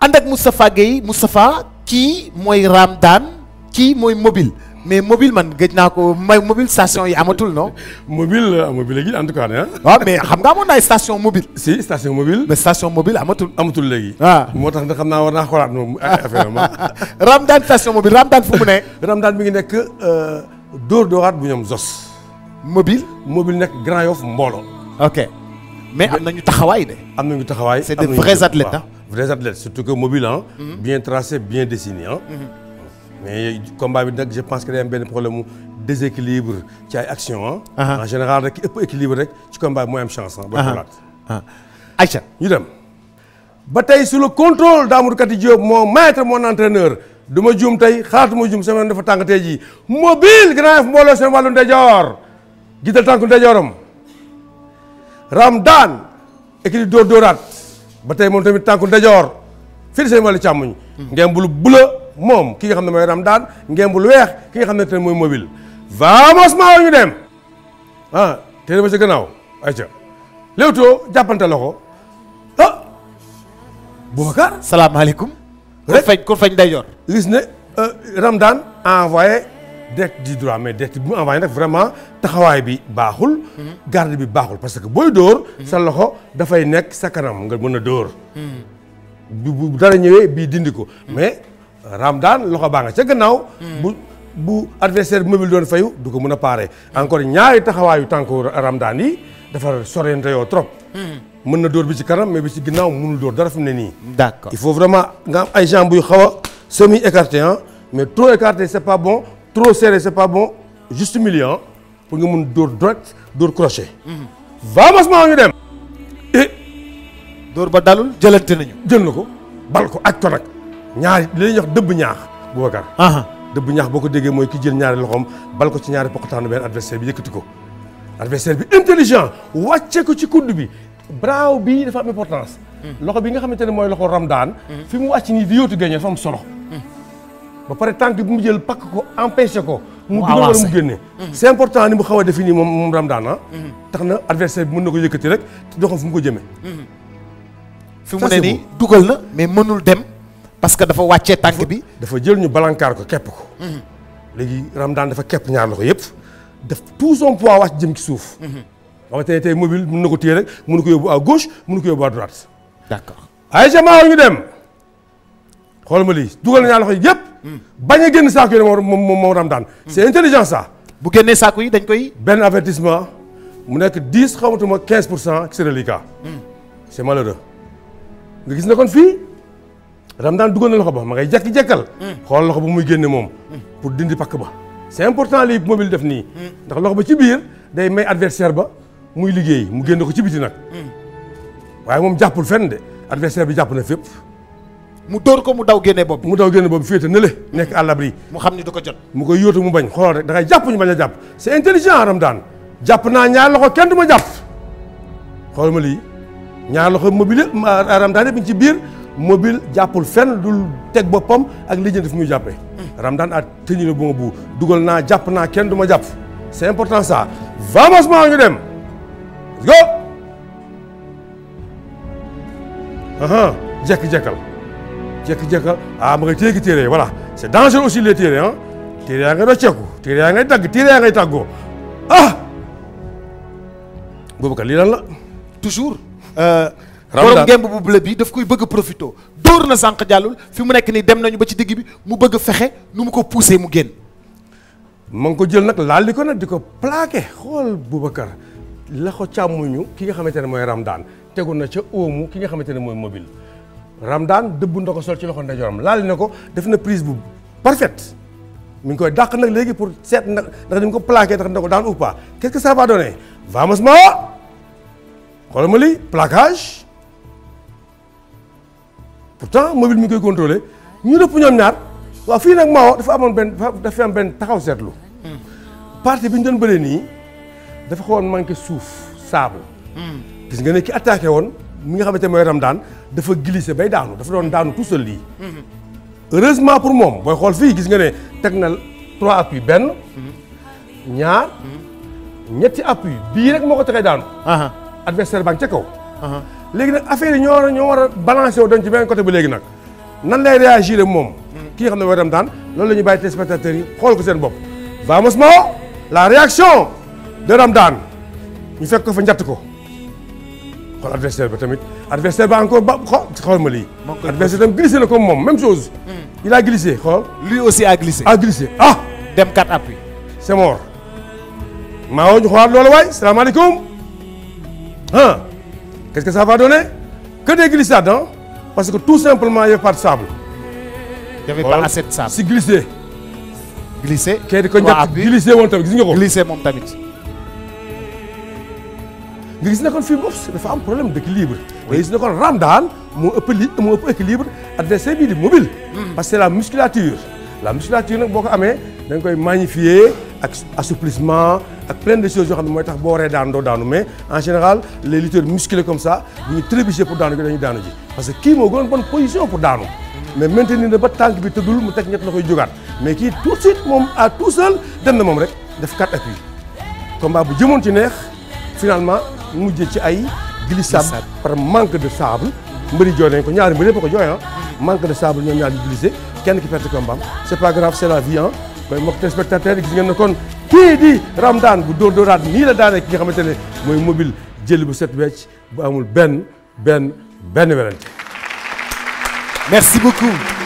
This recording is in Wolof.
ànd ak Moustapha Guèye Moustapha kii mooy Ramadane kii mooy mobile mais mobile man géej naa ko may mobile station yi amatul non. mobile euh, mobile gi en tout cas. waaw mais xam nga amoon na ay station mobile. si station mobile. mais station mobile amatul. amatul léegi. waaw ah. moo tax na xam naa war naa xoolaat moom affaire am ah. Ramadane station mobile Ramadane fu mu ne. Ramadane mi ngi nekk euh, Dóor Dóoraat bu ñoom Zos. mobile. mobile nekk Grand Yoff mbooloo. ok mais am nañu taxawaay de. am ñu taxawaay c'est des vrais athlètes vrais athlètes surtout que mobile hein. Mhm. bien tracé bien dessiné mhm. mais je pense que day am problème déséquilibre ci action ah ah. en général rek ëpp équilibre rek ci combat bi mooy chance ah. ba xalaat ah. ah Aïcha ñu dem. ba tey le contrôle d'Amadou Kati Diop mon maître mon entraîneur du ma juum tey xalaatu ma juum sama dafa tàng tey jii mobile Grand Yoff mbooloo seen wàllu ndeyjoor jiital tànku ndeyjooram Ramdan équilibre dóor ba tey moom tamit tànku ndajoor fii seen wàllu càmmuñ ngeen bul bula moom ki nga xam ne mooy Ramadaan ngeen bul weex ki nga xam ne te mooy mobile vamos maaw ñu dem ah téere ba ca gannaaw ayca Leewtoo jàppante loxo ah Boubacar salaamaaleykum kon fañ kon fañ ndajoor gis ne euh, Ramadaan envoyé direct du droit mais direct bi mu envoyé nag vraiment taxawaay bi baaxul. garde bi baaxul parce que booy dóor. sa loxo dafay nekk sa kanam nga mën a dóor. Hmm. bu bu dara ñëwee bii dindi ko. mais Ramadaan loxo baa nga ca gannaaw. bu bu adversaire mobile doon fayu du ko mën a paare. encore ñaari taxawaayu tànku Ramadaan yi dafa sorente yoo trop. Hmm. mën na door bi ci kanam mais bi ci ginnaaw mënul dóor dara fi mu ne nii. d'accord il faut vraiment nga am ay jambes yu xaw a semi écarté mais trop écarté c'est pas trop serré c'est pas bon juste million pour nga mun dóor droite dóor crochet. vaamassement ñu dem. et. Eh. dóor ba dalul jëlante nañu. jël na ko bal ko aj ko nag ñaari li ñuy wax dëbb ñaax Boubacar. Ah. dëbb ñaax boo ko déggee mooy ki jël ñaari loxoom bal ko ci ñaari poqataanu benn adversaire bi yëkkati ko. adversaire bi intelligent wàcce ko ci kudd bi braaw bii dafa am importance. Hmm. loxo bi nga xamante ne mooy loxo ramdaan. Hmm. fi mu wàcc nii di yóotu gagné dafa am solo. ba pare tànk bi mu jël pakk ko empêché ko. mu mm-hmm. important ni mu xaw a def nii moom moom Ramadane ah. mm-hmm. tax na adversaire bi na ko yëkkati rek te fu mu ko jëmee. Mm-hmm. fi mu ne dugal na mais mënul dem parce que dafa wàccee tànk bi. dafa jël ñu balankaar ko kepp ko. léegi Ramadane dafa kepp ñaar loxo yëpp def tout son poids wàcc jëm ci suuf. waaw tey tey mobile mun na ko téye rek munu na ko yóbbu à gauche mën na ko yóbbu à droite. d' accord ay jamono ñu dem. xool ma lii dugal naa loxo yëpp hmm. bañ a génn saako yi moom moom moom Ramadaan hmm. c'est intelligent ça bu génnee saako yi dañ koy benn avertissement mu nekk dix xamatuma quinze pour cent ci reliquat hmm. c'est malheureux nga gis ne kon fii Ramadaan dugal na loxo ba ma ngay jekki-jekkal xool loxo ba muy génne moom pour dindi pakk ba c'est important lii mobile def nii ndax loxo ba ci biir day may adversaire ba muy liggéey mu génn ko ci biti nag waaye moom jàppul fenn de bi jàpp na fépp mu dóor ko mu daw génne bopp mu daw génne bopp féete nële nekk à l'abri mu xam ni du ko jot mu koy yóotu mu bañ xoolal rek da ngay jàpp ñu bañ a jàpp c'est intelligent Ramdaan jàpp naa ñaar loxo kenn du ma jàpp xool ma lii ñaar loxo mobile Ramdaan yëpp ci biir mobile jàppul fenn dul teg boppam ak lijjanti fi muy jàppee Ramdaan a ah, tenu le bon bout dugal naa jàpp naa kenn du ma jàpp c'est important ça vamos maa ñu dem jekk-jekkal jékki-jékki ah ma nga téegi téere voilà c' est dangereux aussi les téere ah téere yaa ngay rocceeku téere yaa ngay dagg téere yaa ngay tàggoo ah boobu kat lii lan la toujours euh, borom gemb bu bleu bi daf koy bëgg a profité dóor na sànq jàllul fi mu nekk nii dem nañu ba ci digg bi mu bëgg fexe nu mu ko poussé mu génn ma ngi ko jël nag laal li ko nag di ko plaqué xool Boubacar la càmm càmmuñu ki nga xamante ne mooy Ramdaan tegu na ca oomu ki nga xamante ne mooy mobile Ramdaan dëbb na ko sol ci loxo ndeyjooram laal na ko def na prise bu parfaite mi ngi koy dàq nag léegi pour seet nag ndax ni mu ko plaqué tax ko daan ou pas qu'est-ce que ça va donner vamos ma xoolal ma lii plaquage pourtant mobile mi ngi koy waaw fii nag Mao dafa amoon benn dafa am benn taxaw seetlu. partie bi ñu doon bëree nii dafa xawoon manqué suuf saabu. Hmm. gis nga ne ki attaqué woon. mi nga xamante mooy daan dafa glissé bay daanu dafa doon daanu tout seul lii heureusement pour moom booy xool fii gis nga ne teg na trois appui benn ñaar ñetti appui bii rek moo ko taxee daanu uh-huh. adversaire baa ngi ca kaw uh-huh. léegi nag affaire yi ñoo war a ñoo war a balancé wu dem ci beneen côté bi léegi nag nan lay réagir moom ki nga xam ne mooy daan loolu la ñu bàyyi téléspectateurs yi xool ko seen bopp vamos Mao la réaction de Ramadaan ñu fekk ko fa ko xool adversaire ba tamit adversaire ba encore ba xool ma lii. adversaire tam glissé na comme moom même chose. Hmm. il a glissé xool. lui aussi a glissé. a glissé ah. dem kat appui. c'est mort. maa woo ñu xoolaat loolu waay salaamaaleykum. ah. qu'est-ce que ça va donner. que des glissades ah. parce que tout simplement il y avait pas de si glissé. glissé. kii ko njëkk glissé woon tamit. nga gis ne kon film ops dafa am problème d'équilibre mobile hmm. parce que la musculature la musculature nag boo ko amee da nga koy magnifier ak assouplissement ak plein de choses yoo xam ne mooy tax boo waree daanu doo daanu mais en général les lutteurs musclés comme ça bu ñu trébuché pour daanu ji daanu parce que kii moo gënoon bonne position pour daanu mais maintenir ba tànk bi tëddul mu teg ñett la jógaat mais kii tout de moom à tout seul mujj ci ay glissade par manque de sable mbëri jooy nañ ko ñaari mbëri ko jooy ah manque de sable ñoom ñaar di glissé kenn ki perte combat c'est pas grave c'est la vie ah koy mbokk téléspectateur yi gis ngeen ne kon kii di Ramdan bu dóor dóoraat nii la daanee ki nga xamante ne mooy mobile jël bu set wecc bu amul benn benn benn werante merci beaucoup